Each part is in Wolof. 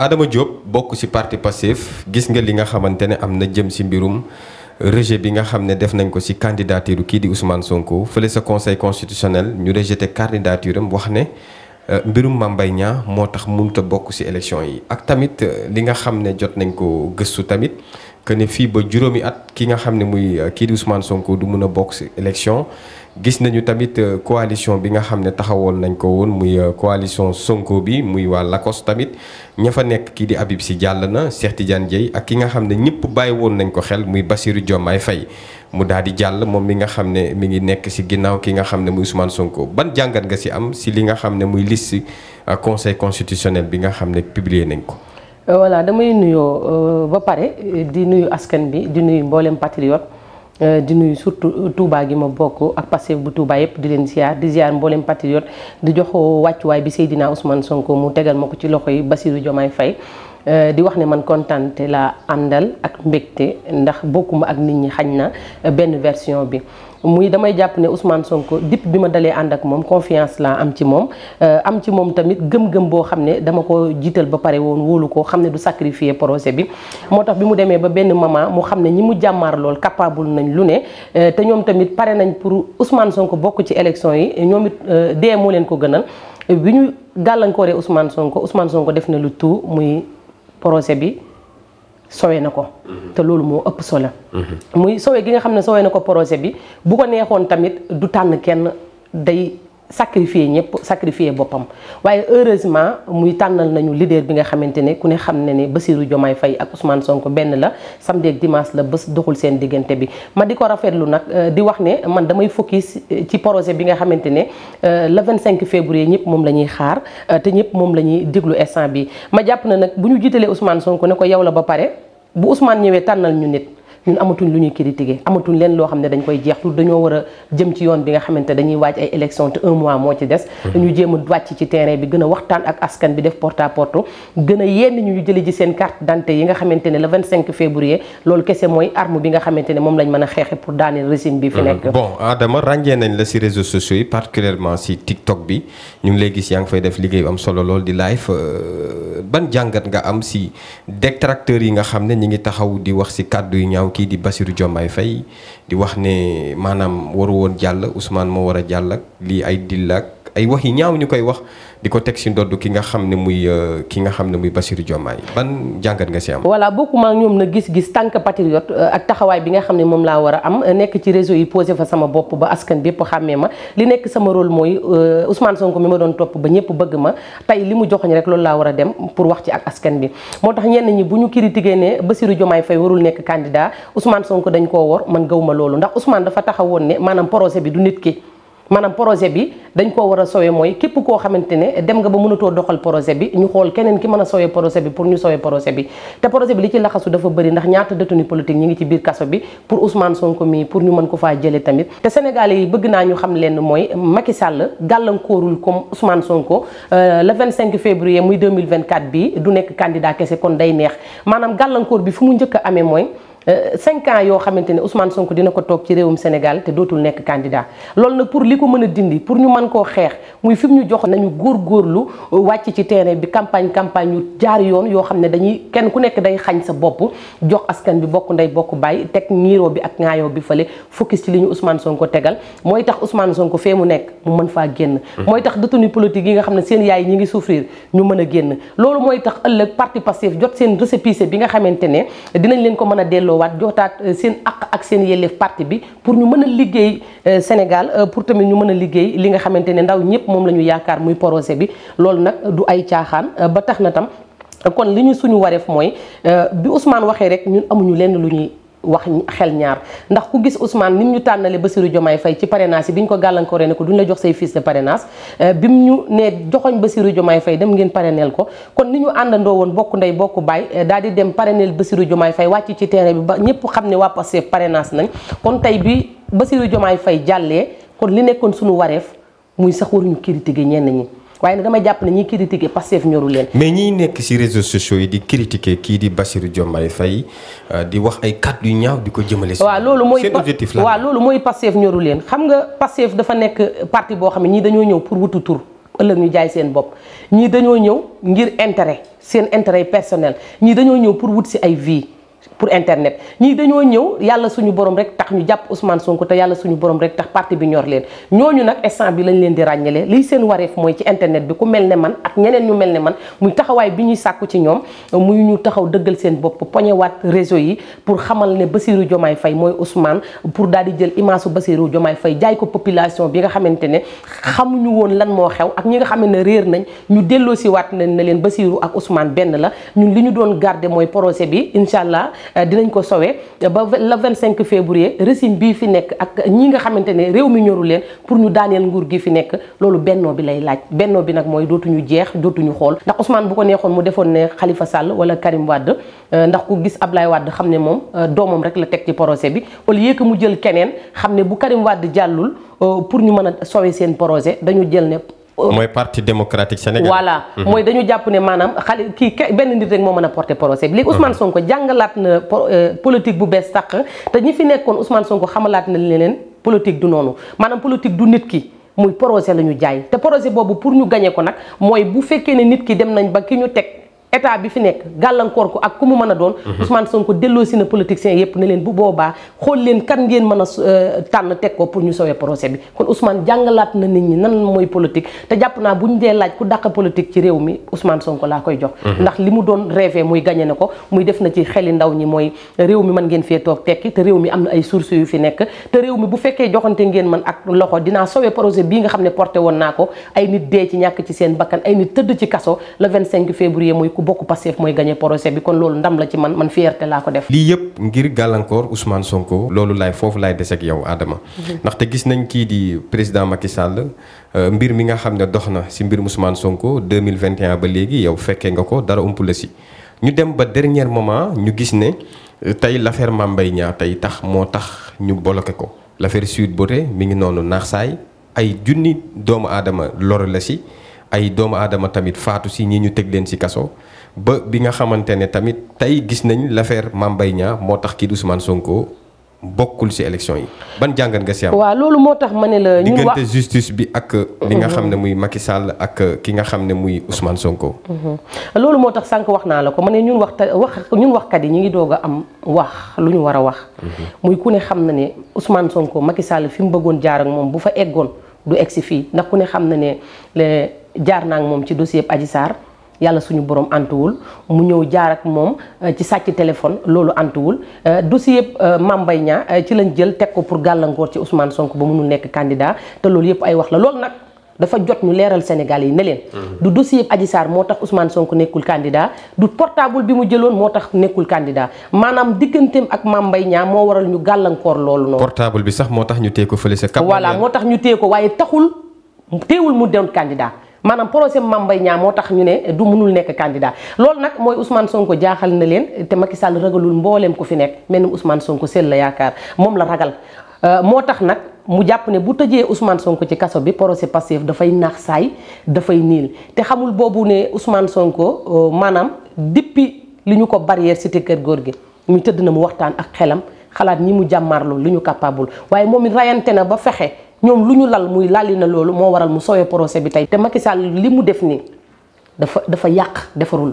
Adama Diop bokk ci parti Pastef gis nga li nga xamante ne am na jëm ci mbirum rejet bi nga xam ne def nañ ko ci candidature kii di Ousmane Sonko fële sa conseil constitutionnel ñu rejeté candidature am wax ne euh, mbirum Mame moo tax mënut a bokk ci élection yi ak tamit euh, li nga xam ne jot nañ ko gëstu tamit. que ne fii ba juróomi at ki nga xam ne muy euh, kii di Ousmane Sonko du mun a bokk si élection gis nañu tamit euh, coalition bi nga xam ne taxawoon nañ ko woon muy euh, coalition Sonko bi muy waa Lakos tamit ña fa nekk kii di abi si jàll na Cheikh Tidiane Dieye ak ki nga xam ne ñëpp bàyyi woon nañ ko xel muy Bassirou Diomaye Faye mu daal di jàll moom mi nga xam ne mi ngi nekk si ginnaaw ki nga xam ne muy Ousmane Sonko ban jàngat nga si am si li nga xam ne muy liste conseil constitutionnel bi nga xam ne publier nañ ko. Euh, voilà damay nuyoo euh, ba pare di nuyu askan bi di nuyu mboolem patriote euh, di nuyu surtout Touba gi ma bokk ak Pastef bu Touba yëpp di leen ziar di ziar mboolem patriote di jox wàccuwaay bi Seydina Ousmane Sonko mu tegal ma ko ci loxo yi Bassirou Diomaye Faye di wax ne man kontante laa àndal ak mbégte ndax bokkuma ak nit ñi xañ na benn version bi. muy damay jàpp ne Ousmane Sonko dipp bi ma dalee ànd ak moom confiance laa am ci moom euh, am ci moom tamit gëm-gëm boo xam ne dama ko jiital ba pare woon wóolu ko xam ne du sacrifier projet bi moo tax bi mu demee ba benn moment mu xam ne ñi mu jàmmaar lool capable nañ lu ne euh, te ñoom tamit pare nañ pour Ousmane Sonko bokk ci élection yi ñoom it euh, dee moo leen ko gënal bi ñu gàllankooree Ousmane Sonko Ousmane Sonko def na lu tout muy projet bi sowe na ko te loolu moo ëpp solo muy sowe gi nga xam ne sowe na ko projet bi bu ko neexoon tamit du tànn kenn day sacrifier ñëpp sacrifier boppam waaye heureusement muy tànnal nañu leader bi nga xamante ne ku ne xam ne ne Bassirou Diomaye fay ak Ousmane sonk benn la samedi ak dimanche la bés doxul seen diggante bi ma di ko rafetlu nag euh, di wax ne man damay focus euh, ci projet bi nga xamante ne euh, le 25 février ñëpp moom la ñuy xaar te ñëpp moom la ñuy déglu instant bi ma jàpp na nag bu ñu jiitalee Ousmane sonk ne ko yow la ba pare bu Ousmane ñëwee tànnal ñu nit ñun amatuñ lu ñuy critiquer amatuñ leen loo xam ne dañ koy jeextu dañoo war a jëm ci yoon bi nga xamante dañuy waaj ay élection te un mois moo ci des mhm. ñu jéem a wàcc ci terrain bi gën a waxtaan ak askan bi def porte à porte gën a yenn ñu jële ji seen carte d'identité yi nga xamante ne le 25 février lool kese mooy arme bi nga xamante ne moom lañ mën a xeexe pour daaneel régime bi fi mhm. nekk bon Adama ràññee nañ la si réseaux sociaux yi particulièrement bi ñu ngi lay gis yaa ngi fay def liggéey bu solo lool di euh, ban jàngat nga am si détracteurs yi nga xam ne ñi ngi taxaw di wax si kàddu yu ñaaw kii di Bassirou Diomaye Faye di wax ne maanaam waru woon jàll Ousmane moo war a jàll ak lii ay dillaak ay wax yi ñaaw ñu koy wax di ko teg si ndodd ki nga xam ne muy euh, ki nga xam ne muy Bassirou Diomaye ban jàngat nga si am. voilà bokkuma ñoom na gis-gis tànk patriote euh, ak taxawaay bi nga xam ne moom laa war a am euh, nekk ci réseau yi posé fa sama bopp ba askan bépp xàmmee ma li nekk sama rôle mooy Ousmane Sonko mi ma doon topp ba ñëpp bëgg ma tey li mu joxoñ rek loolu laa war a dem pour wax ci ak askan bi moo tax ñenn ñi bu ñu critiqué ne Bassirou Diomaye Faye warul nekk candidat Ousmane Sonko dañ koo wor man gawma loolu ndax Ousmane dafa taxawoon ne maanaam projet bi du nit ki maanaam projet bi dañ koo war a sowe mooy képp koo xamante ne dem nga ba mënatoo doxal projet bi ñu xool keneen ki mën a sowe projet bi pour ñu sowe projet bi te projet bi li ci laxasu dafa bëri ndax ñaata détenu politique ñi ngi ci biir kaso bi pour Ousmane Sonko mii pour ñu mën ko faa jële tamit te sénégalais yi bëgg naa ñu xam leen mooy Macky Sall gàllankoorul comme Ousmane Sonko euh, le 25 février muy 2024 bi du nekk candidat kese kon day neex maanaam gàllankoor bi fu mu njëkk a amee mooy Euh, cinq ans yoo xamante ne Ousmane Sonko dina ko toog ci réewum Sénégal te dootul nekk candidat loolu nag pour li ko mën a dindi pour ñu mën koo xeex muy fi mu ñu jox nañu góorgóorlu euh, wàcc ci terrain bi campagne campagne yu jaar yoon yoo xam ne dañuy kenn ku nekk day xañ sa bopp jox askan bi bokk ndey bokk bàyyi teg ñiiroo bi ak ŋaayoo bi fële focus ci li ñu Ousmane Sonko tegal mooy tax Ousmane Sonko fee mu nekk mu mën faa génn hmm. mooy tax détenu politique yi nga xam ne seen yaay ñi ngi souffrir ñu mën génn loolu mooy tax ëllëg parti Pastef jot seen récépissé bi nga xamante ne dinañ leen ko mën a delloo delloowaat jootaat euh, seen àq ak seen yelleef parti bi pour ñu mën a liggéey euh, Sénégal euh, pour tamit ñu mën a liggéey li nga xamante ne ndaw ñëpp moom la ñu yaakaar muy projet bi loolu nag du ay caaxaan ba tax na tam kon li ñu suñu wareef mooy bi Ousmane waxee rek ñun amuñu lenn lu ñuy wax xel ñaar ndax ku gis Ousmane ni mu ñu tànnale Bassirou Diomaye Faye ci parrainage yi bi ñu ko gàllankooree ne ko ñu la jox say fiches de parrainage euh, bi mu ñu ne joxoñ Bassirou Diomaye fay dem ngeen parrainel ko kon ni ñu àndandoo woon bokk ndey bokk baay euh, daal di dem parrainel Bassirou Diomaye Faye wàcc ci terrain bi ba ñëpp xam ne waa Pastef parrainage nañ kon tey bi Bassirou Diomaye fay jàllee kon li nekkoon suñu wareef muy sax waruñu critiquer ñeen ñi waaye nag damay jàpp ne ñiy critiquer Pastef ñoru leen. mais ñiy nekk ci réseaux sociaux yi di critiquer kii di Bassirou Diomaye fay euh, di wax ay kàddu yu ñaaw di ko jëmale. waaw loolu mooy seen objectif loolu mooy Pastef ñoru leen xam nga Pastef dafa nekk parti boo xam ne ñii dañoo ñëw pour wutu tur. ëllëg ñu jaay seen bopp ñii dañoo ñëw ngir intérêt seen intérêt personnel ñii dañoo ñëw pour wut si ay vie pour internet ñii dañoo ñëw yàlla suñu borom rek tax ñu jàpp Ousmane Sonko te yàlla suñu borom rek tax parti bi ñor leen ñooñu nag instant bi lañ leen di ràññale liy seen wareef mooy ci internet bi ku mel ne man ak ñeneen ñu mel ne man muy taxawaay bi ñuy sàkku ci ñoom muy ñu taxaw dëggal seen bopp poñewaat réseau yi pour xamal ne Bassirou Diomaye fay mooy Ousmane pour daal di jël image su Bassirou Diomaye jaay ko population bi nga xamante ne xamuñu woon lan moo xew ak ñi nga xam ne réer nañ ñu delloosiwaat nañ ne leen Bassirou ak Ousmane benn la ñun li ñu doon garder mooy projet bi incha allah Euh, dinañ ko sowe ba le 25 février régime bii fi nekk ak ñi nga xamante ne réew mi ñoru leen pour ñu daaneel nguur gi fi nekk loolu bennoo bi lay laaj bennoo bi nag mooy dootuñu jeex dootuñu xool ndax Ousmane bu ko neexoon mu defoon ne Khalifa sàll wala Karim Wade euh, ndax ku gis Ablaye Wade xam ne moom euh, doomam rek la teg ci projet bi au lieu que mu jël keneen xam ne bu Karim Wade jàllul pour ñu mën a sowe seen projet dañu jël ne Euh, mooy parti démocratique Sénégal. voilà mhm. mooy dañu jàpp ne maanaam xale kii benn nit rek moo mën a porter procès bi léegi mhm. Ousmane Sonko jàngalaat na euh, politique bu bees sax te ñi fi nekkoon usman Sonko xamalaat na leen politique du noonu maanaam politique du nit ki. muy projet la ñu jaay te projet boobu pour ñu gañee ko nag mooy bu fekkee ne nit ki dem nañ ba ki ñu teg état bi fi nekk gàllankoor ko ak ku mu mën a doon mhm. Ousmane Sonko delloosi na politiciens yépp ne leen bu boobaa xool leen kan ngeen mën a euh, tànn teg ko pour ñu sowee procès bi kon Ousmane jàngalaat na nit ñi nan mooy politique te jàpp naa bu ñu dee laaj ku dàq politique ci réew mi Ousmane Sonko laa koy jox mhm. ndax li mu doon rêvé muy gagné na ko muy def na ci xeli ndaw ñi mooy réew mi man ngeen fee toog tekki te réew mi am na ay sources yu fi nekk te réew mi bu fekkee joxante ngeen man ak loxo dinaa sowee projet bi nga xam ne porté woon naa ko ay nit dee ci ñàkk seen bakkan ay nit tëdd ci kaso le 25 février mooy ku bokk Pastef mooy gagné procès bi kon loolu ndam la ci man man fierté laa ko def. lii yëpp ngir gàllankoor Ousmane Sonko. loolu laay foofu laay deseek ak yow Adama. Mhm. ndaxte gis nañ kii di président Macky Sall euh, mbir mi nga xam ne dox na si mbir Ousmane Sonko 2021 ba léegi yow fekkee nga ko dara ump la si. ñu dem ba dernier moment ñu gis ne euh, tey l'affaire Mame Mbaye tax moo tax ñu bloqué ko l'affaire Sweet Beauté mi ngi noonu naax saay ay junni doomu aadama lor la si. ay doomu aadama tamit faatu si ñi ñu teg leen si kaso ba bi nga xamante ne tamit tey gis nañ l'affaire Mame Mbaye moo tax kii di Ousmane Sonko bokkul si élection yi ban jàngat nga si am. loolu moo tax ma ne la ñu wax diggante bi ak. li nga mhm. xam ne muy Macky ak ki nga xam ne muy Ousmane Sonko. Mhm. loolu moo tax sànq wax naa la ko ma ne ñun wax wax ñun waxkat yi ñu ngi doog a am wax lu ñu war a wax. Mhm. muy ku ne xam na ne Ousmane Sonko Macky Sall fi mu bëggoon jaar ak moom bu fa eggoon du egg si fii ndax ku ne xam na ne jaar naa moom ci dossier Adji Sarr yàlla suñu borom antuwul mu ñëw jaar ak moom euh, ci sàcc téléphone loolu antuwul euh, dossier euh, Mame Mbaye Niang ci lañ jël teg ko pour gàllankoor ci Ousmane sonk ba mënul nekk candidat te loolu yëpp ay wax la loolu nag dafa jot ñu leeral Sénégal yi ne leen. Mhm. du dossier Adji Sarr moo tax Ousmane Sonko nekkul candidat du portable bi mu jëloon moo tax nekkul candidat maanaam digganteem ak Mame Mbaye moo waral ñu gàllankoor loolu noonu. portable bi sax moo tax ñu téye ko fële sa. voilà moo tax ñu téye ko waaye taxul téewul mu doon candidat. maanaam projet Mame Mbaye moo tax ñu ne du munul nekk candidat loolu nag mooy usman Sonko jaaxal na leen te Macky Sall ragalul mbooleem ku fi nekk mel ni Ousmane Sonko sel la yaakaar moom la ragal euh, moo tax nag mu jàpp ne bu tëjee Ousmane Sonko ci kaso bi procès passif dafay naax saay dafay niil te xamul boobu ne Ousmane Sonko euh, maanaam depuis li ñu ko barrière cité kër góor gi muy tëdd na mu waxtaan ak xelam xalaat ñi mu jàmmaarloo li ñu capable waaye moom it rayante na ba fexe. ñoom lu ñu lal muy lalli na loolu moo waral mu soowee procès bi tey te Macky Sall li mu def nii dafa dafa yàq defarul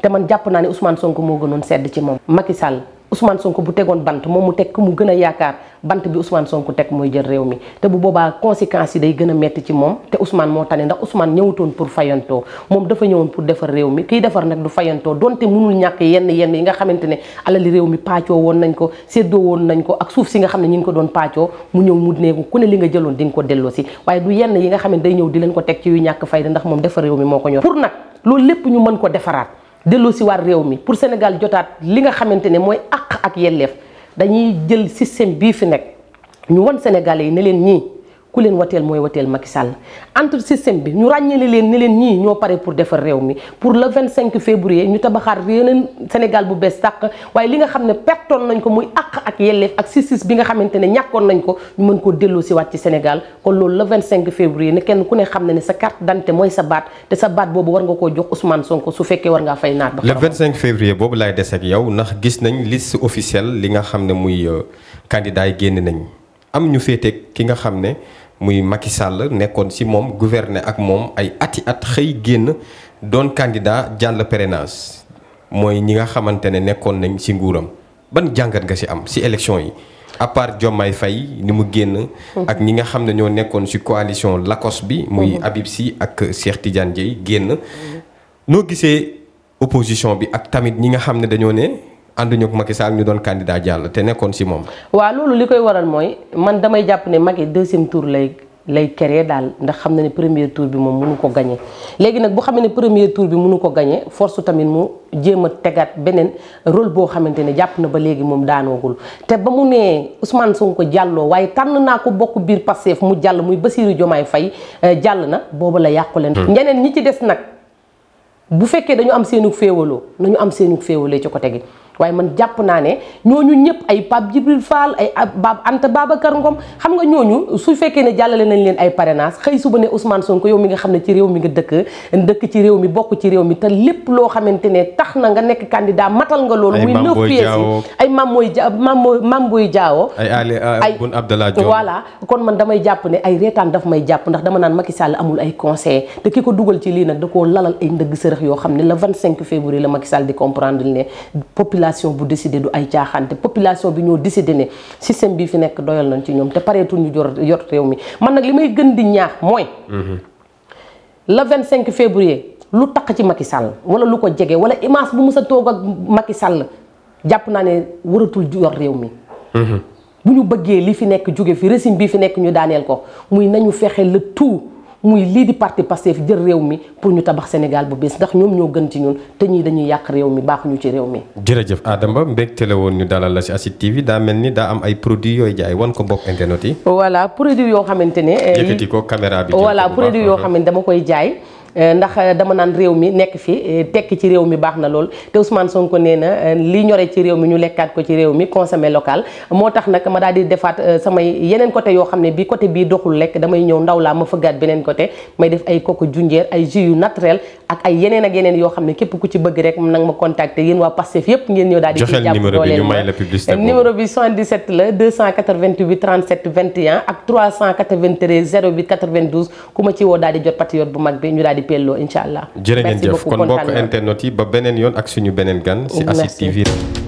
te man jàpp naa ne Ousmane sonk moo gënoon sedd ci moom Macky Sall Ousmane Sonko bu tegoon bant moom mu teg mu gën a yaakaar bant bi Ousmane Sonko teg mooy jël réew mi te bu boobaa conséquences yi day gën a metti ci moom te moo tane ndax Ousmane ñëwutoon pour fayantoo moom dafa ñëwoon pour defar réew mi kiy defar nag du fayantoo donte mënul ñàkk yenn yenn yi nga xamante ne alali réew mi paacoo woon nañ ko séddoo woon nañ ko ak suuf si nga xam ne ñi ngi ko doon paacoo mu ñëw mu neeku ku ne li nga jëloon di nga ko delloo si waaye du yenn yi nga xam ne day ñëw di leen ko teg ci yu ñàkk fayda ndax moom defar réew mi moo ko ñor pour nag loolu lépp ñu mën ko defaraat delloo si waat réew mi pour Sénégal jotaat li nga xamante ne mooy àq ak yelleef dañuy jël système bii fi nekk ñu won Sénégalais yi ne leen nii ku leen wateel mooy wateel Macky Sall entre système bi ñu ràññale leen ni leen ñii ñoo pare pour defar réew mi pour le 25 février ñu tabaxaat yeneen Sénégal bu bees tàq waaye li nga xam ne perton nañ ko muy àq ak yelleef ak sis bi nga xamante ne ñàkkoon nañ ko ñu mën koo delloo si waat ci Sénégal kon loolu le 25 février ne kenn ku ne xam ne ne sa carte d'identité mooy sa baat te sa baat boobu war nga koo jox Ousmane Sonko su fekkee war ngaa fay naat ba le 25 février boobu laay des yow ndax gis nañ liste officielle li nga xam ne muy euh, candidat yi génn nañ am ñu féete ki nga xam ne muy Macky Sall nekkoon ci moom gouverner ak moom ay ati at xëy génn doon candidat jàll parrainage mooy ñi nga xamante ne nekkoon nañ ci nguuram ban jàngat nga ci am ci élection yi à part Diomaye Faye ni mu génn mhm. ak ñi nga xam ne ñoo nekkoon ci coalition Lakos bi muy mhm. Habib Sy ak Cheikh Tidiane Dièye génn mhm. noo gisee opposition bi ak tamit ñi nga xam ne dañoo ne ànduñu ak Macky ñu doon candidat jàll te nekkoon si moom. waaw loolu li koy waral mooy man damay jàpp ne Macky deuxième tour lay lay créer daal ndax na ne premier tour bi moom mënu ko gagné léegi nag bu xamee ne premier tour bi mënu ko gagné force tamit mu jéem a tegaat beneen rôle boo xamante ne jàpp na ba léegi moom daanoogul te ba mu nee Ousmane Sonko jàlloo waaye tànn naa ko bokk biir Pastef mu jàll muy Bassirou Diomaye Faye eh, jàll na booba la yàqu leen. Hmm. ñeneen ñi ci des nag bu fekkee dañu am seenug féewaloo nañu am seenug féewalee ci côté gi. waaye man jàpp naa ne ñooñu ñëpp ay Pape Djibril Fall ay Bab Anta Babacar Ngom xam nga ñooñu su fekkee ne jàllale nañ leen ay parrainage xëy suba ne Ousmane Sonko yow mi nga xam ne ci réew mi nga dëkk dëkk ci réew mi bokk ci réew mi te lépp loo xamante ne tax na nga nekk candidat matal nga loolu muy neuf pièces yi ay Mame Boye Diao Mame Boye Diao ay Ali euh, Boun Abdallah Dione voilà kon man damay jàpp ne ay reetaan daf may jàpp ndax dama naan Macky Sall amul ay conseil te ki ko dugal ci lii nag da koo ay ndëgg sërëx yoo xam ne le 25 février la Macky Sall di comprendre ne population bu décidé du ay caaxaan te population bi ñoo décidé ne système bi fi nekk doyal nañ ci ñoom te pareetul ñu jor yor réew mi man nag li may gën di ñaax mooy. Mhm. le 25 février lu taq ci Macky Sall wala lu ko jege wala image bu mus a toog ak Macky Sall jàpp naa ne waratul yor réew mi. Mhm. bu ñu bëggee li fi nekk jóge fi régime bi fi nekk ñu daaneel ko muy nañu fexe le tout. muy lii di parti Pastef jël réew mi pour ñu tabax Sénégal bu bees ndax ñoom ñoo gën ci ñun te ñii dañuy yàq réew mi baaxuñu ci réew mi. jërëjëf Adama mbégte la woon ñu dalal la si ASID TV daa mel ni daa am ay produits yooyu jaay wan ko bokk internet yi. voilà produit yoo xamante ne. Eh, yëkkati ko caméra bi. voilà produit yoo xam ne dama koy jaay. Eh, ndax eh, dama naan réew mi nekk fi eh, tekki ci réew mi baax na lool te Ousmane Sonko nee na li ñore ci réew mi ñu lekkaat ko ci réew mi consommer local moo tax nag ma daal di defaat samay yeneen côté yoo xam ne bi côté bii doxul lekk damay ñëw ndaw laa ma fëggaat beneen côté may def ay koko junjeer ay jus yu naturel ak ay yeneen ak yeneen yoo xam ne képp ku ci bëgg rek nag ma contacter yéen waa Pastef yëpp ngeen ñëw daal di ci jàpp dooleel ma numéro bi 77 la 288 37 21 ak ku ma ci woo daal di jot patriote bu mag bi ñu daal di incha allah. jërë ngeen jëf kon mbokk internet yi ba beneen yoon ak suñu beneen gan. si ASID TV